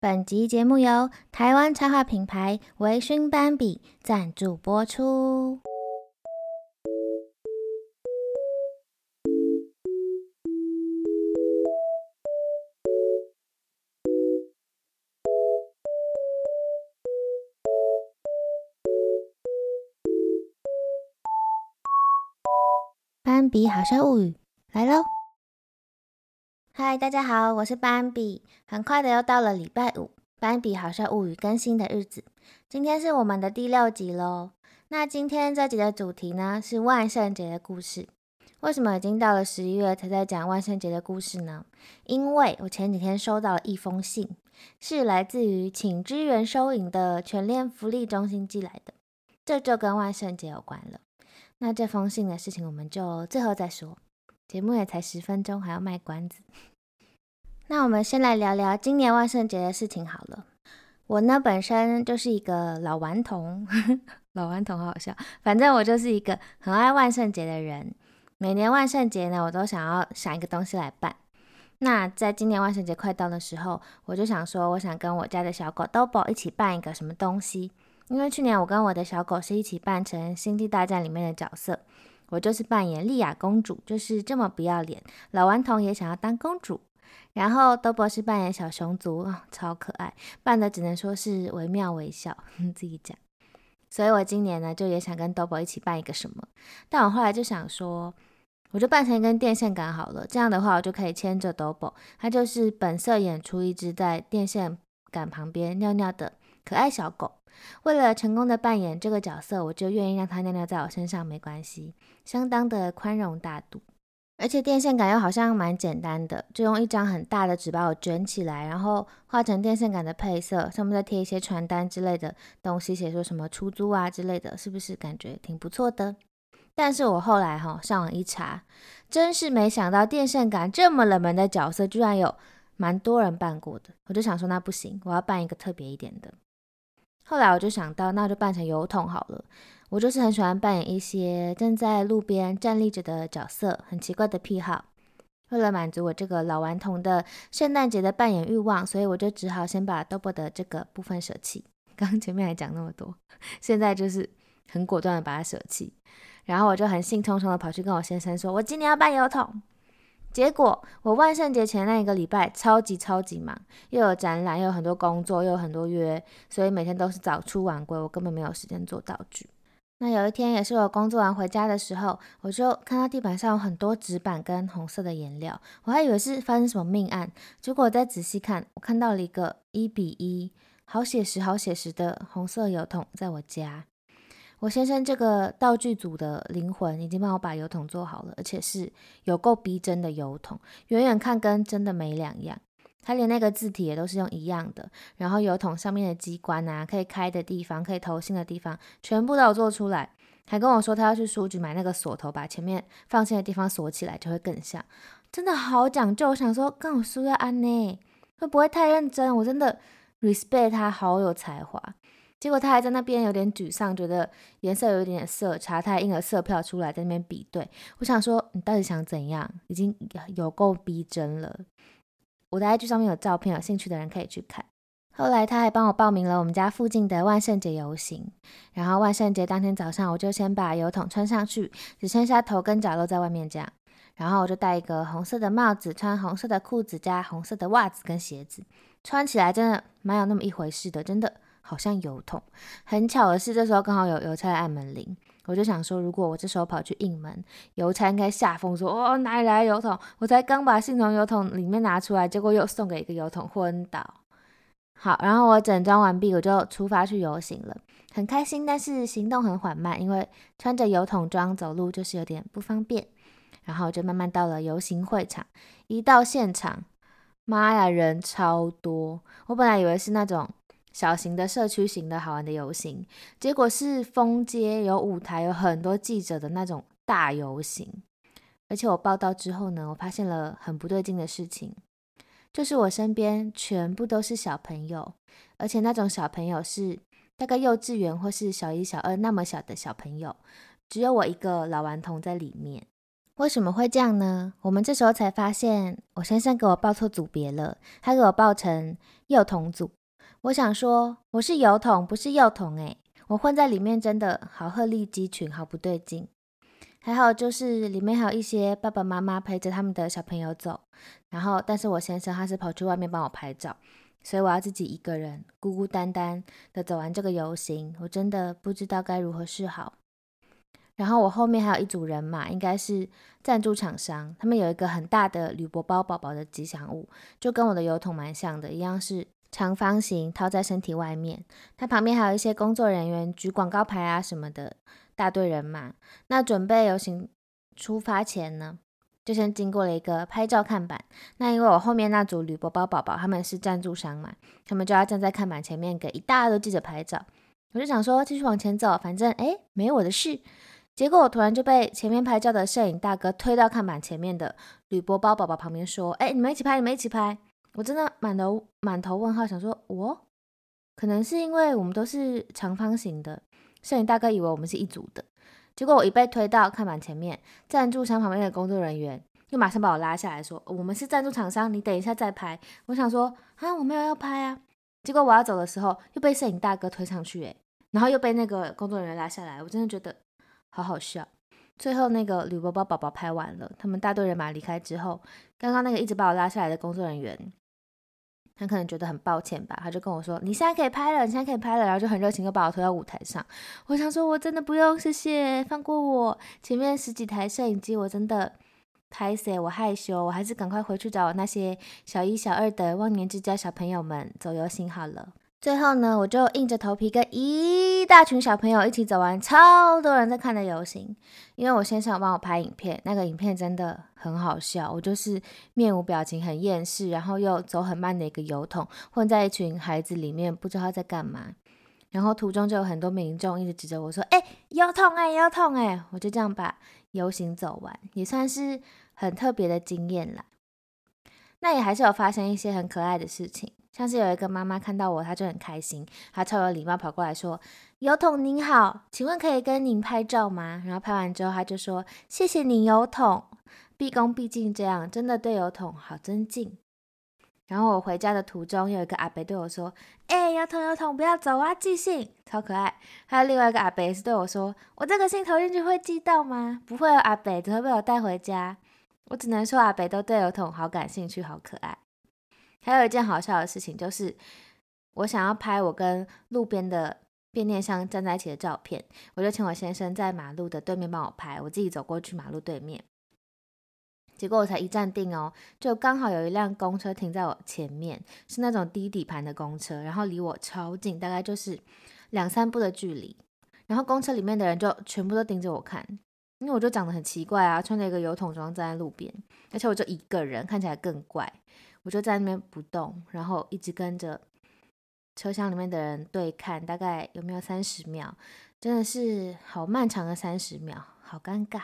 本集節目由台灣插畫品牌微醺斑比贊助播出。斑比好笑物語來嘍！嗨，大家好，我是斑比。很快的又到了禮拜五，斑比好像物語更新的日子。今天是我們的第六集嘍。那今天這集的主題呢，是萬聖節的故事。為什麼已經到了十一月才在講萬聖節的故事呢？因為我前幾天收到了一封信，是來自於請支援收銀的全聯福利中心寄來的。這就跟萬聖節有關了。那這封信的事情，我們就最後再說。節目也才十分鐘，還要賣關子。那我們先來聊聊今年萬聖節的事情好了。我呢本身就是一個老頑童呵呵，老頑童好好笑。反正我就是一個很愛萬聖節的人。每年萬聖節呢，我都想要想一個東西來扮。那在今年萬聖節快到的時候，我就想說，我想跟我家的小狗 Double 一起扮一個什麼東西。因為去年我跟我的小狗是一起扮成《星際大戰》裡面的角色。我就是扮演莉亞公主，就是這麼不要臉，老頑童也想要當公主。然後豆博是扮演小熊族，哦，超可愛，扮的只能說是惟妙惟肖，自己講。所以我今年呢，就也想跟豆博一起扮一個什麼，但我後來就想說，我就扮成一根電線杆好了，這樣的話我就可以牽着豆博，他就是本色演出一只在電線杆旁邊尿尿的。可愛小狗，為了成功的扮演這個角色，我就願意讓它尿尿在我身上，沒關係，相當的寬容大度。而且電線桿又好像蠻簡單的，就用一張很大的紙把我捲起來，然後畫成電線桿的配色，上面再貼一些傳單之類的東西，寫說什麼出租啊之類的，是不是感覺挺不錯的？但是我後來哈、哦、上網一查，真是沒想到電線桿這麼冷門的角色，居然有蠻多人扮過的。我就想說，那不行，我要扮一個特別一點的。後來我就想到，那我就扮成油桶好了。我就是很喜歡扮演一些正在路邊站立着的角色，很奇怪的癖好。為了滿足我這個老頑童的聖誕節的扮演欲望，所以我就只好先把豆伯的這個部分捨棄。剛剛前面還講那麼多，現在就是很果斷的把它捨棄。然後我就很興沖冲的跑去跟我先生說：“我今年要扮油桶。”結果我萬聖節前那一個禮拜超級超級忙，又有展覽，又有很多工作，又有很多約，所以每天都是早出晚歸，我根本沒有時間做道具。那有一天也是我工作完回家的時候，我就看到地板上有很多紙板跟紅色的顏料，我還以為是發生什麼命案。結果我再仔細看，我看到了一個一比一好寫實、好寫實的紅色油桶在我家。我先生這個道具組的靈魂已經幫我把油桶做好了，而且是有夠逼真的油桶，遠遠看跟真的沒兩樣。他連那個字體也都是用一樣的，然後油桶上面的機關吶、啊，可以開的地方，可以投信的地方，全部都有做出來。還跟我說他要去書局買那個鎖頭，把前面放信的地方鎖起來，就會更像。真的好講究，我想說跟我書要安呢，會不會太認真？我真的 respect 他，好有才華。結果他還在那邊有點沮喪，覺得顏色有一點點色差，他還印了色票出來在那邊比對。我想說，你到底想怎樣？已經有夠逼真了。我的 IG 上面有照片，有興趣的人可以去看。後來他還幫我報名了我們家附近的萬聖節遊行。然後萬聖節當天早上，我就先把油桶穿上去，只剩下頭跟腳露在外面這樣。然後我就戴一個紅色的帽子，穿紅色的褲子加紅色的襪子跟鞋子，穿起來真的蠻有那麼一回事的，真的。好像郵筒，很巧的是，這時候剛好有郵差按門鈴，我就想說，如果我這時候跑去應門，郵差應該嚇瘋說，哦，哪裡來的郵筒？我才剛把信從郵筒裡面拿出來，結果又送給一個郵筒。昏倒。好，然後我整裝完畢，我就出發去遊行了，很開心，但是行動很緩慢，因為穿着郵筒裝走路就是有點不方便。然後就慢慢到了遊行會場，一到現場，媽呀，人超多，我本來以為是那種，小型的社區型的好玩的遊行，結果是封街有舞台，有很多記者的那種大遊行。而且我報到之後呢，我發現了很不對勁的事情，就是我身邊全部都是小朋友，而且那種小朋友是大概幼稚園或是小一、小二那麼小的小朋友，只有我一個老頑童在裡面。為什麼會這樣呢？我們這時候才發現，我先生給我報錯組別了，他給我報成幼童組。我想說，我是油桶，不是幼桶哎！我混在裡面真的好鶴立雞群，好不對勁。還好就是裡面還有一些爸爸媽媽陪着他們的小朋友走，然後但是我先生他是跑去外面幫我拍照，所以我要自己一個人孤孤單單的走完這個遊行，我真的不知道該如何是好。然後我後面還有一組人馬，應該是贊助廠商，他們有一個很大的鋁箔包寶寶的吉祥物，就跟我的油桶蠻像的，一樣是，長方形套在身體外面，它旁邊還有一些工作人員舉廣告牌啊什麼的，大隊人馬。那準備遊行出發前呢，就先經過了一個拍照看板。那因為我後面那組鋁箔包寶寶他們是贊助商嘛，他們就要站在看板前面給一大堆記者拍照。我就想說繼續往前走，反正哎，沒我的事。結果我突然就被前面拍照的攝影大哥推到看板前面的鋁箔包寶寶旁邊說，說，哎你們一起拍，你們一起拍。我真的滿頭滿頭問號，想說我、哦、可能是因為我們都是長方形的，攝影大哥以為我們是一組的，結果我一被推到看板前面，贊助商旁邊的工作人員又馬上把我拉下來說，我們是贊助廠商，你等一下再拍。我想說啊，我沒有要拍啊，結果我要走的時候又被攝影大哥推上去、欸、然後又被那個工作人員拉下來，我真的覺得好好笑。最後那個鋁箔包寶寶拍完了，他們大隊人馬離開之後，剛剛那個一直把我拉下來的工作人員。他可能覺得很抱歉吧，他就跟我說：“你現在可以拍了，你現在可以拍了。”然後就很熱情的把我推到舞台上。我想說，我真的不用，謝謝，放過我。前面十幾台攝影機，我真的拍誰？我害羞，我還是趕快回去找那些小一、小二的忘年之交小朋友們走遊行好了。最後呢，我就硬着頭皮跟一大群小朋友一起走完超多人在看的遊行，因為我先生有幫我拍影片，那個影片真的很好笑，我就是面無表情、很厭世，然後又走很慢的一個油桶，混在一群孩子裡面，不知道在幹嘛。然後途中就有很多民眾一直指着我說：“哎、欸，油桶哎、欸，油桶哎、欸！”我就這樣把遊行走完，也算是很特別的經驗啦。那也還是有發生一些很可愛的事情。像是有一個媽媽看到我，她就很開心，她超有禮貌跑過來說：“郵筒，您好，請問可以跟您拍照嗎？”然後拍完之後，她就說：“謝謝您，郵筒。”畢恭畢敬這樣，真的對郵筒好尊敬。然後我回家的途中，有一個阿伯對我說：“哎、欸，郵筒，郵筒，不要走啊，寄信。”超可愛。還有另外一個阿伯也是對我說：“我這個信投進去會寄到嗎？”不會哦，阿伯，只會被我帶回家。我只能說，阿伯都對郵筒好感興趣，好可愛。還有一件好笑的事情，就是我想要拍我跟路邊的變電箱站在一起的照片，我就請我先生在馬路的對面幫我拍，我自己走過去馬路對面。結果我才一站定哦，就剛好有一輛公車停在我前面，是那種低底盤的公車，然後離我超近，大概就是兩三步的距離。然後公車裡面的人就全部都盯着我看，因為我就長得很奇怪啊，穿着一個油桶裝站在路邊，而且我就一個人，看起來更怪。我就在那邊不動，然後一直跟着車廂裡面的人對看，大概有沒有三十秒，真的是好漫長的三十秒，好尷尬。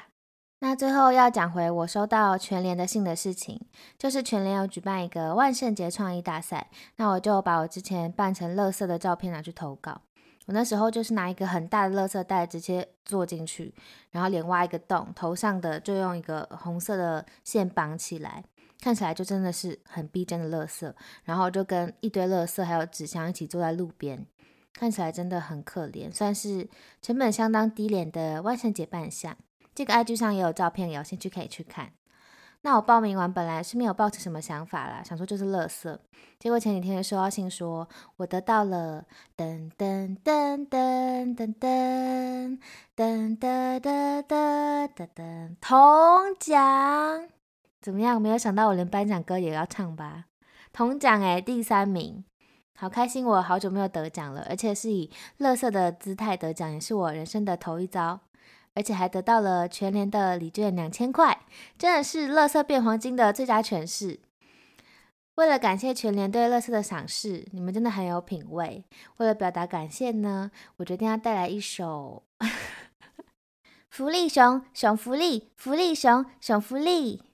那最後要講回我收到全聯的信的事情，就是全聯有舉辦一個萬聖節創意大賽，那我就把我之前扮成垃圾的照片拿去投稿。我那時候就是拿一個很大的垃圾袋直接坐進去，然後臉挖一個洞，頭上的就用一個紅色的線綁起來。看起來就真的是很逼真的樂色，然後就跟一堆樂色還有紙箱一起坐在路邊，看起來真的很可憐，算是成本相當低廉的萬聖節扮相。這個 IG 上也有照片，有興趣可以去看。那我報名完本來是沒有抱持什麼想法啦，想說就是樂色，結果前幾天收到信說我得到了噔噔噔噔噔噔噔噔噔噔噔銅獎。怎麼樣？沒有想到我連頒獎歌也要唱吧？銅獎哎，第三名，好開心！我好久沒有得獎了，而且是以垃圾的姿態得獎，也是我人生的頭一遭，而且還得到了全聯的禮券兩千塊，真的是垃圾變黃金的最佳詮釋。為了感謝全聯對垃圾的賞識，你們真的很有品味。為了表達感謝呢，我決定要帶來一首《 福利熊熊福利福利熊熊福利》福利。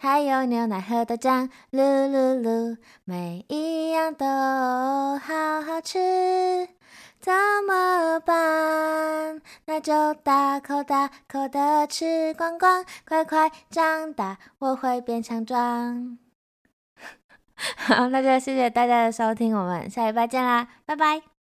還有牛奶和豆漿，嚕嚕嚕，每一樣都好好吃，怎麼辦？那就大口大口的吃光光，快快長大，我會變強壯。 好，那就謝謝大家的收聽，我們下一拜見下禮拜見啦，拜拜。